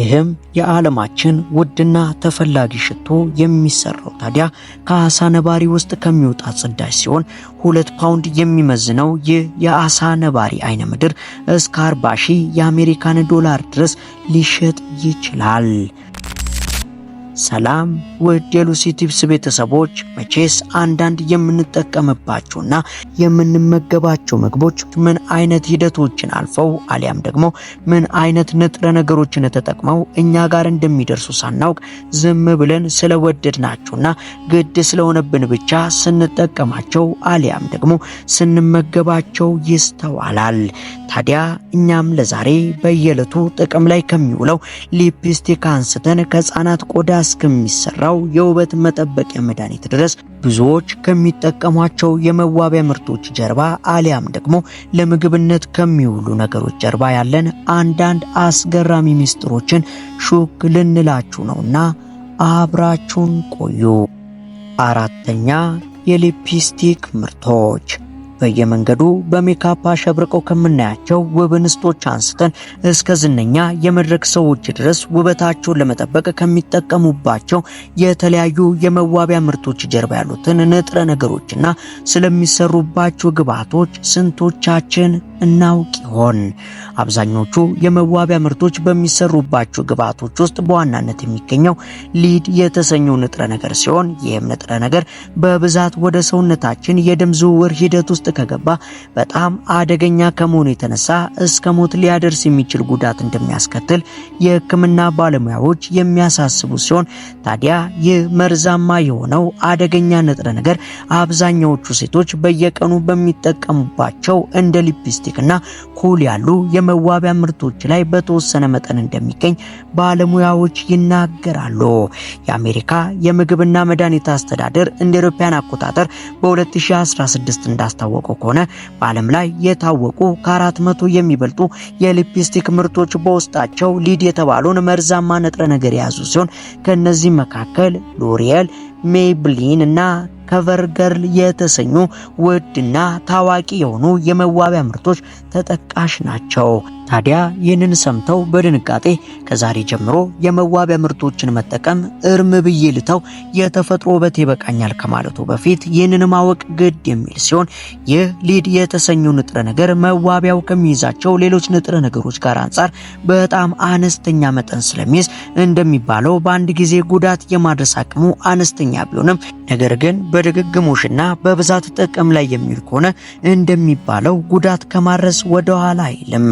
ይህም የዓለማችን ውድና ተፈላጊ ሽቶ የሚሰራው ታዲያ ከአሳ ነባሪ ውስጥ ከሚወጣ ጽዳጅ ሲሆን ሁለት ፓውንድ የሚመዝነው ይህ የአሳ ነባሪ አይነ ምድር እስከ 40 ሺህ የአሜሪካን ዶላር ድረስ ሊሸጥ ይችላል። ሰላም ውድ የሉሲ ቲፕስ ቤተሰቦች፣ መቼስ አንዳንድ የምንጠቀምባቸውና የምንመገባቸው ምግቦች ምን አይነት ሂደቶችን አልፈው አሊያም ደግሞ ምን አይነት ንጥረ ነገሮችን ተጠቅመው እኛ ጋር እንደሚደርሱ ሳናውቅ ዝም ብለን ስለወደድናቸውና ግድ ስለሆነብን ብቻ ስንጠቀማቸው አሊያም ደግሞ ስንመገባቸው ይስተዋላል። ታዲያ እኛም ለዛሬ በየዕለቱ ጥቅም ላይ ከሚውለው ሊፕስቲክ አንስተን ከህፃናት ቆዳ እስከሚሰራው የውበት መጠበቂያ መድኃኒት ድረስ ብዙዎች ከሚጠቀሟቸው የመዋቢያ ምርቶች ጀርባ አሊያም ደግሞ ለምግብነት ከሚውሉ ነገሮች ጀርባ ያለን አንዳንድ አስገራሚ ምስጢሮችን ሹክ ልንላችሁ ነውና አብራችሁን ቆዩ። አራተኛ የሊፕስቲክ ምርቶች በየመንገዱ በሜካፕ አሸብርቀው ከምናያቸው ውብ እንስቶች አንስተን እስከ ዝነኛ የመድረክ ሰዎች ድረስ ውበታቸውን ለመጠበቅ ከሚጠቀሙባቸው የተለያዩ የመዋቢያ ምርቶች ጀርባ ያሉትን ንጥረ ነገሮችና ስለሚሰሩባቸው ግብዓቶች ስንቶቻችን እናውቅ ይሆን? አብዛኞቹ የመዋቢያ ምርቶች በሚሰሩባቸው ግብዓቶች ውስጥ በዋናነት የሚገኘው ሊድ የተሰኘው ንጥረ ነገር ሲሆን ይህም ንጥረ ነገር በብዛት ወደ ሰውነታችን የደም ዝውውር ሂደት ውስጥ ከገባ በጣም አደገኛ ከመሆኑ የተነሳ እስከ ሞት ሊያደርስ የሚችል ጉዳት እንደሚያስከትል የሕክምና ባለሙያዎች የሚያሳስቡ ሲሆን ታዲያ ይህ መርዛማ የሆነው አደገኛ ንጥረ ነገር አብዛኛዎቹ ሴቶች በየቀኑ በሚጠቀሙባቸው እንደ ሊፕስቲክ ላስቲክና ኩል ያሉ የመዋቢያ ምርቶች ላይ በተወሰነ መጠን እንደሚገኝ ባለሙያዎች ይናገራሉ። የአሜሪካ የምግብና መድኃኒት አስተዳደር እንደ አውሮፓውያን አቆጣጠር በ2016 እንዳስታወቀው ከሆነ በዓለም ላይ የታወቁ ከአራት መቶ የሚበልጡ የሊፕስቲክ ምርቶች በውስጣቸው ሊድ የተባለውን መርዛማ ንጥረ ነገር የያዙ ሲሆን ከእነዚህ መካከል ሎሪየል፣ ሜይብሊን እና ከቨርገርል የተሰኙ ውድና ታዋቂ የሆኑ የመዋቢያ ምርቶች ተጠቃሽ ናቸው። ታዲያ ይህንን ሰምተው በድንጋጤ ከዛሬ ጀምሮ የመዋቢያ ምርቶችን መጠቀም እርም ብዬ ልተው፣ የተፈጥሮ ውበት ይበቃኛል ከማለቱ በፊት ይህንን ማወቅ ግድ የሚል ሲሆን ይህ ሊድ የተሰኘው ንጥረ ነገር መዋቢያው ከሚይዛቸው ሌሎች ንጥረ ነገሮች ጋር አንጻር በጣም አነስተኛ መጠን ስለሚይዝ እንደሚባለው በአንድ ጊዜ ጉዳት የማድረስ አቅሙ አነስተኛ ቢሆንም ነገር ግን በድግግሞሽና በብዛት ጥቅም ላይ የሚል ከሆነ እንደሚባለው ጉዳት ከማድረስ ወደ ኋላ አይልም።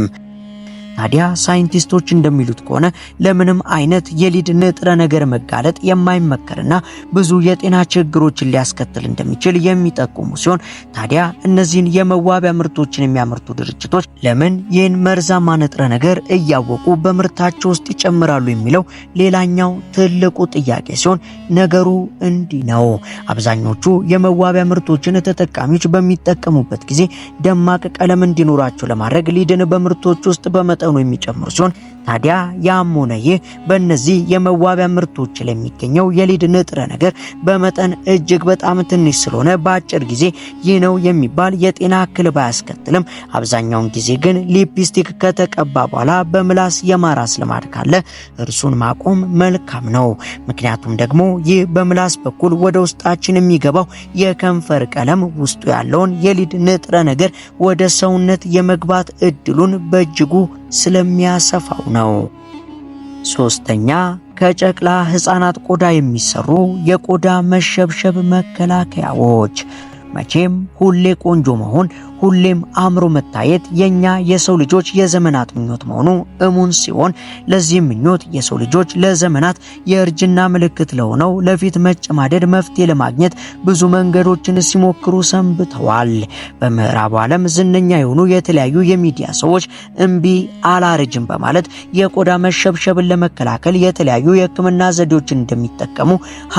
ታዲያ ሳይንቲስቶች እንደሚሉት ከሆነ ለምንም አይነት የሊድ ንጥረ ነገር መጋለጥ የማይመከርና ብዙ የጤና ችግሮችን ሊያስከትል እንደሚችል የሚጠቁሙ ሲሆን ታዲያ እነዚህን የመዋቢያ ምርቶችን የሚያመርቱ ድርጅቶች ለምን ይህን መርዛማ ንጥረ ነገር እያወቁ በምርታቸው ውስጥ ይጨምራሉ የሚለው ሌላኛው ትልቁ ጥያቄ ሲሆን ነገሩ እንዲህ ነው። አብዛኞቹ የመዋቢያ ምርቶችን ተጠቃሚዎች በሚጠቀሙበት ጊዜ ደማቅ ቀለም እንዲኖራቸው ለማድረግ ሊድን በምርቶች ውስጥ በመጠኑ መጠኑ የሚጨምር ሲሆን ታዲያ ያም ሆነ ይህ በእነዚህ የመዋቢያ ምርቶች ለሚገኘው የሊድ ንጥረ ነገር በመጠን እጅግ በጣም ትንሽ ስለሆነ በአጭር ጊዜ ይህ ነው የሚባል የጤና እክል ባያስከትልም አብዛኛውን ጊዜ ግን ሊፕስቲክ ከተቀባ በኋላ በምላስ የማራስ ልማድ ካለ እርሱን ማቆም መልካም ነው። ምክንያቱም ደግሞ ይህ በምላስ በኩል ወደ ውስጣችን የሚገባው የከንፈር ቀለም ውስጡ ያለውን የሊድ ንጥረ ነገር ወደ ሰውነት የመግባት እድሉን በእጅጉ ስለሚያሰፋው ነው። ሶስተኛ ከጨቅላ ሕፃናት ቆዳ የሚሰሩ የቆዳ መሸብሸብ መከላከያዎች። መቼም ሁሌ ቆንጆ መሆን ሁሌም አምሮ መታየት የኛ የሰው ልጆች የዘመናት ምኞት መሆኑ እሙን ሲሆን ለዚህም ምኞት የሰው ልጆች ለዘመናት የእርጅና ምልክት ለሆነው ለፊት መጨማደድ መፍትሄ ለማግኘት ብዙ መንገዶችን ሲሞክሩ ሰንብተዋል። በምዕራቡ ዓለም ዝነኛ የሆኑ የተለያዩ የሚዲያ ሰዎች እምቢ አላርጅም በማለት የቆዳ መሸብሸብን ለመከላከል የተለያዩ የሕክምና ዘዴዎችን እንደሚጠቀሙ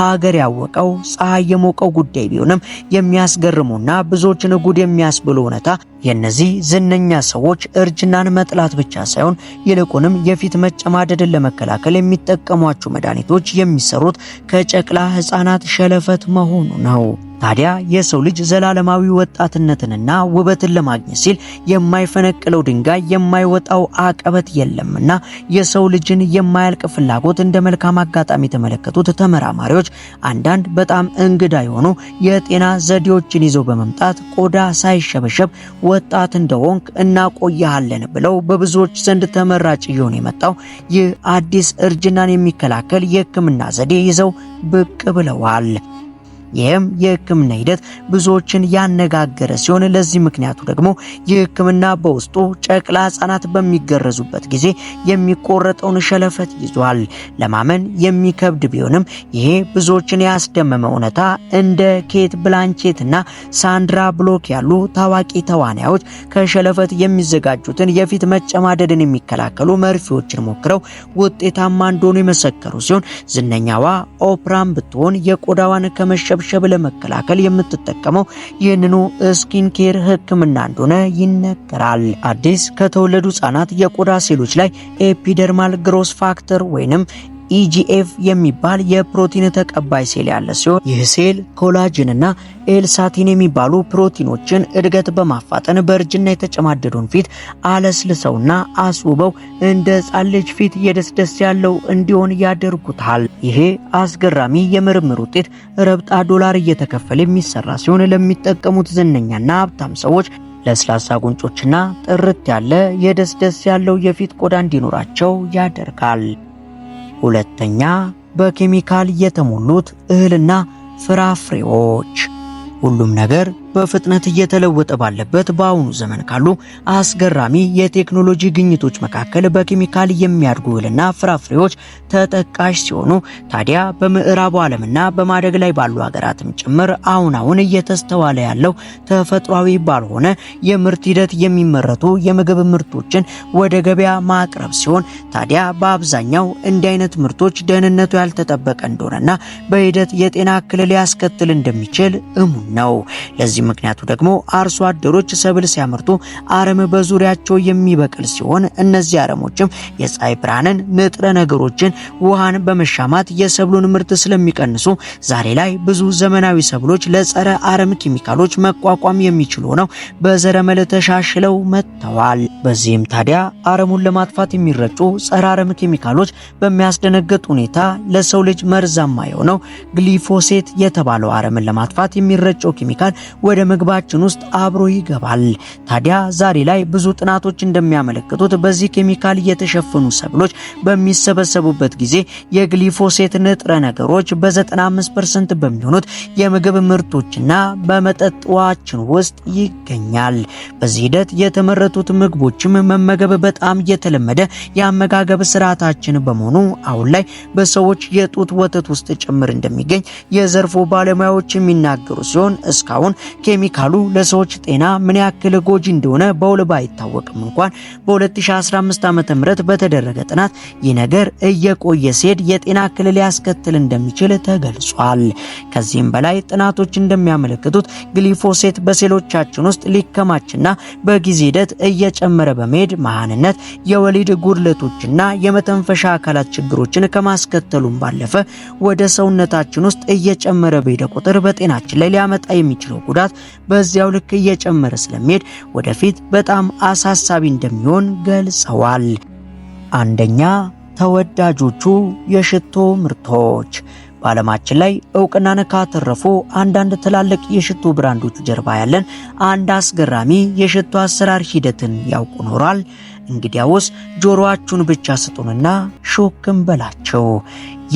ሀገር ያወቀው ፀሐይ የሞቀው ጉዳይ ቢሆንም የሚያስገርሙና ብዙዎችን ጉድ የሚያስብሉ እውነታ የእነዚህ ዝነኛ ሰዎች እርጅናን መጥላት ብቻ ሳይሆን ይልቁንም የፊት መጨማደድን ለመከላከል የሚጠቀሟቸው መድኃኒቶች የሚሰሩት ከጨቅላ ሕፃናት ሸለፈት መሆኑ ነው። ታዲያ የሰው ልጅ ዘላለማዊ ወጣትነትንና ውበትን ለማግኘት ሲል የማይፈነቅለው ድንጋይ የማይወጣው አቀበት የለምና የሰው ልጅን የማያልቅ ፍላጎት እንደ መልካም አጋጣሚ የተመለከቱት ተመራማሪዎች አንዳንድ በጣም እንግዳ የሆኑ የጤና ዘዴዎችን ይዘው በመምጣት ቆዳ ሳይሸበሸብ ወጣት እንደሆንክ እናቆያሃለን ብለው በብዙዎች ዘንድ ተመራጭ እየሆነ የመጣው ይህ አዲስ እርጅናን የሚከላከል የሕክምና ዘዴ ይዘው ብቅ ብለዋል። ይህም የህክምና ሂደት ብዙዎችን ያነጋገረ ሲሆን ለዚህ ምክንያቱ ደግሞ የህክምና በውስጡ ጨቅላ ህጻናት በሚገረዙበት ጊዜ የሚቆረጠውን ሸለፈት ይዟል። ለማመን የሚከብድ ቢሆንም ይሄ ብዙዎችን ያስደመመ እውነታ እንደ ኬት ብላንቼት ና ሳንድራ ብሎክ ያሉ ታዋቂ ተዋናዮች ከሸለፈት የሚዘጋጁትን የፊት መጨማደድን የሚከላከሉ መርፌዎችን ሞክረው ውጤታማ እንደሆኑ የመሰከሩ ሲሆን ዝነኛዋ ኦፕራም ብትሆን የቆዳዋን ከመሸብ ሸብ ለመከላከል የምትጠቀመው ይህንኑ ስኪን ኬር ህክምና እንደሆነ ይነገራል። አዲስ ከተወለዱ ህጻናት የቆዳ ሴሎች ላይ ኤፒደርማል ግሮስ ፋክተር ወይንም ኢጂኤፍ e የሚባል የፕሮቲን ተቀባይ ሴል ያለ ሲሆን ይህ ሴል ኮላጅንና ኤልሳቲን የሚባሉ ፕሮቲኖችን እድገት በማፋጠን በእርጅና የተጨማደዱን ፊት አለስልሰውና አስውበው እንደ ህፃን ልጅ ፊት የደስደስ ያለው እንዲሆን ያደርጉታል። ይሄ አስገራሚ የምርምር ውጤት ረብጣ ዶላር እየተከፈለ የሚሰራ ሲሆን ለሚጠቀሙት ዝነኛና ሀብታም ሰዎች ለስላሳ ጉንጮችና ጥርት ያለ የደስደስ ያለው የፊት ቆዳ እንዲኖራቸው ያደርጋል። ሁለተኛ በኬሚካል የተሞሉት እህልና ፍራፍሬዎች ሁሉም ነገር በፍጥነት እየተለወጠ ባለበት በአሁኑ ዘመን ካሉ አስገራሚ የቴክኖሎጂ ግኝቶች መካከል በኬሚካል የሚያድጉ እህልና ፍራፍሬዎች ተጠቃሽ ሲሆኑ ታዲያ በምዕራቡ ዓለምና በማደግ ላይ ባሉ ሀገራትም ጭምር አሁን አሁን እየተስተዋለ ያለው ተፈጥሯዊ ባልሆነ የምርት ሂደት የሚመረቱ የምግብ ምርቶችን ወደ ገበያ ማቅረብ ሲሆን ታዲያ በአብዛኛው እንዲህ አይነት ምርቶች ደህንነቱ ያልተጠበቀ እንደሆነና በሂደት የጤና እክል ሊያስከትል እንደሚችል እሙን ነው። ለዚህ ምክንያቱ ደግሞ አርሶ አደሮች ሰብል ሲያመርቱ አረም በዙሪያቸው የሚበቅል ሲሆን እነዚህ አረሞችም የፀሐይ ብርሃንን፣ ንጥረ ነገሮችን፣ ውሃን በመሻማት የሰብሉን ምርት ስለሚቀንሱ ዛሬ ላይ ብዙ ዘመናዊ ሰብሎች ለጸረ አረም ኬሚካሎች መቋቋም የሚችሉ ሆነው በዘረመል ተሻሽለው መጥተዋል። በዚህም ታዲያ አረሙን ለማጥፋት የሚረጩ ጸረ አረም ኬሚካሎች በሚያስደነግጥ ሁኔታ ለሰው ልጅ መርዛማ የሆነው ግሊፎሴት የተባለው አረምን ለማጥፋት የሚረጨው ኬሚካል ወደ ምግባችን ውስጥ አብሮ ይገባል። ታዲያ ዛሬ ላይ ብዙ ጥናቶች እንደሚያመለክቱት በዚህ ኬሚካል የተሸፈኑ ሰብሎች በሚሰበሰቡበት ጊዜ የግሊፎሴት ንጥረ ነገሮች በ95% በሚሆኑት የምግብ ምርቶችና በመጠጥዋችን ውስጥ ይገኛል። በዚህ ሂደት የተመረቱት ምግቦችም መመገብ በጣም የተለመደ የአመጋገብ ስርዓታችን በመሆኑ አሁን ላይ በሰዎች የጡት ወተት ውስጥ ጭምር እንደሚገኝ የዘርፉ ባለሙያዎች የሚናገሩ ሲሆን እስካሁን ኬሚካሉ ለሰዎች ጤና ምን ያክል ጎጂ እንደሆነ በውል ባይታወቅም እንኳን በ2015 ም በተደረገ ጥናት ይህ ነገር እየቆየ ሲሄድ የጤና እክል ሊያስከትል እንደሚችል ተገልጿል። ከዚህም በላይ ጥናቶች እንደሚያመለክቱት ግሊፎሴት በሴሎቻችን ውስጥ ሊከማችና በጊዜ ሂደት እየጨመረ በመሄድ መሃንነት፣ የወሊድ ጉድለቶችና የመተንፈሻ አካላት ችግሮችን ከማስከተሉም ባለፈ ወደ ሰውነታችን ውስጥ እየጨመረ በሄደ ቁጥር በጤናችን ላይ ሊያመጣ የሚችለው ጉዳት ብዛት በዚያው ልክ እየጨመረ ስለሚሄድ ወደፊት በጣም አሳሳቢ እንደሚሆን ገልጸዋል። አንደኛ ተወዳጆቹ የሽቶ ምርቶች በዓለማችን ላይ እውቅናን ካተረፉ አንዳንድ ትላልቅ የሽቶ ብራንዶቹ ጀርባ ያለን አንድ አስገራሚ የሽቶ አሰራር ሂደትን ያውቁ ኖሯል። እንግዲያውስ ጆሮአችሁን ብቻ ስጡንና ሹክም በላቸው።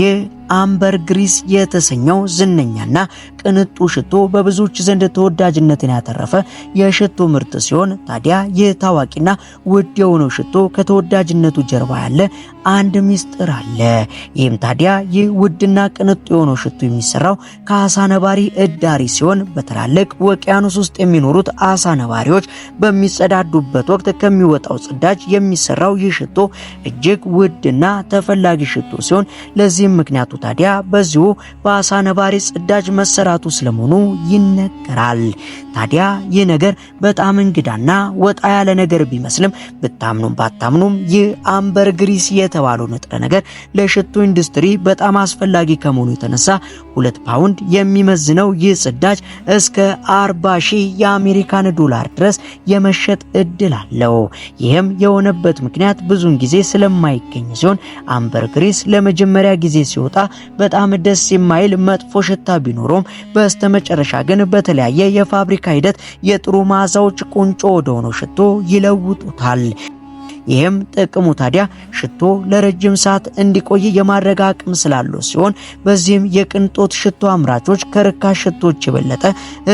ይህ አምበር ግሪስ የተሰኘው ዝነኛና ቅንጡ ሽቶ በብዙዎች ዘንድ ተወዳጅነትን ያተረፈ የሽቶ ምርት ሲሆን ታዲያ ይህ ታዋቂና ውድ የሆነው ሽቶ ከተወዳጅነቱ ጀርባ ያለ አንድ ሚስጥር አለ። ይህም ታዲያ ይህ ውድና ቅንጡ የሆነው ሽቶ የሚሰራው ከአሳ ነባሪ እዳሪ ሲሆን በትላልቅ ውቅያኖስ ውስጥ የሚኖሩት አሳ ነባሪዎች በሚጸዳዱበት ወቅት ከሚወጣው ጽዳጅ የሚሰራው ይህ ሽቶ እጅግ ውድና ተፈላጊ ሽቶ ሲሆን ለዚህም ምክንያቱ ታዲያ በዚሁ በአሳ ነባሪ ጽዳጅ መሰራቱ ስለመሆኑ ይነገራል። ታዲያ ይህ ነገር በጣም እንግዳና ወጣ ያለ ነገር ቢመስልም ብታምኑም ባታምኑም ይህ አምበር ግሪስ የተባለው ንጥረ ነገር ለሽቶ ኢንዱስትሪ በጣም አስፈላጊ ከመሆኑ የተነሳ ሁለት ፓውንድ የሚመዝነው ይህ ጽዳጅ እስከ 40 ሺህ የአሜሪካን ዶላር ድረስ የመሸጥ እድል አለው። ይህም የሆነበት ምክንያት ብዙውን ጊዜ ስለማይገኝ ሲሆን አምበር ግሪስ ለመጀመሪያ ጊዜ ሲወጣ በጣም ደስ የማይል መጥፎ ሽታ ቢኖረውም በስተመጨረሻ ግን በተለያየ የፋብሪካ ሂደት የጥሩ መዓዛዎች ቁንጮ ወደሆነው ሽቶ ይለውጡታል። ይህም ጥቅሙ ታዲያ ሽቶ ለረጅም ሰዓት እንዲቆይ የማድረግ አቅም ስላለው ሲሆን በዚህም የቅንጦት ሽቶ አምራቾች ከርካሽ ሽቶች የበለጠ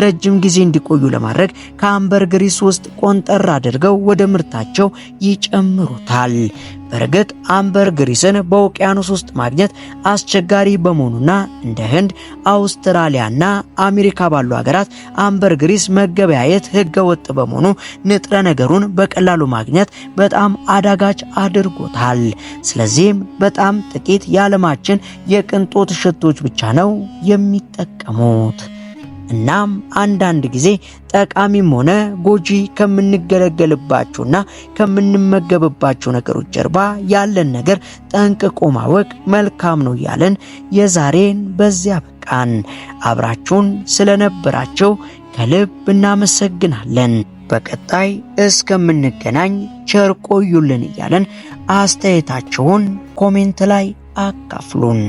ረጅም ጊዜ እንዲቆዩ ለማድረግ ከአምበርግሪስ ውስጥ ቆንጠር አድርገው ወደ ምርታቸው ይጨምሩታል። በእርግጥ አምበር ግሪስን በውቅያኖስ ውስጥ ማግኘት አስቸጋሪ በመሆኑና እንደ ህንድ፣ አውስትራሊያና አሜሪካ ባሉ ሀገራት አምበር ግሪስ መገበያየት ህገወጥ በመሆኑ ንጥረ ነገሩን በቀላሉ ማግኘት በጣም አዳጋች አድርጎታል። ስለዚህም በጣም ጥቂት የዓለማችን የቅንጦት ሽቶች ብቻ ነው የሚጠቀሙት። እናም አንዳንድ ጊዜ ጠቃሚም ሆነ ጎጂ ከምንገለገልባቸውና ከምንመገብባቸው ነገሮች ጀርባ ያለን ነገር ጠንቅቆ ማወቅ መልካም ነው እያለን የዛሬን በዚያ በቃን። አብራችሁን ስለነበራቸው ከልብ እናመሰግናለን። በቀጣይ እስከምንገናኝ ቸር ቆዩልን እያለን አስተያየታችሁን ኮሜንት ላይ አካፍሉን።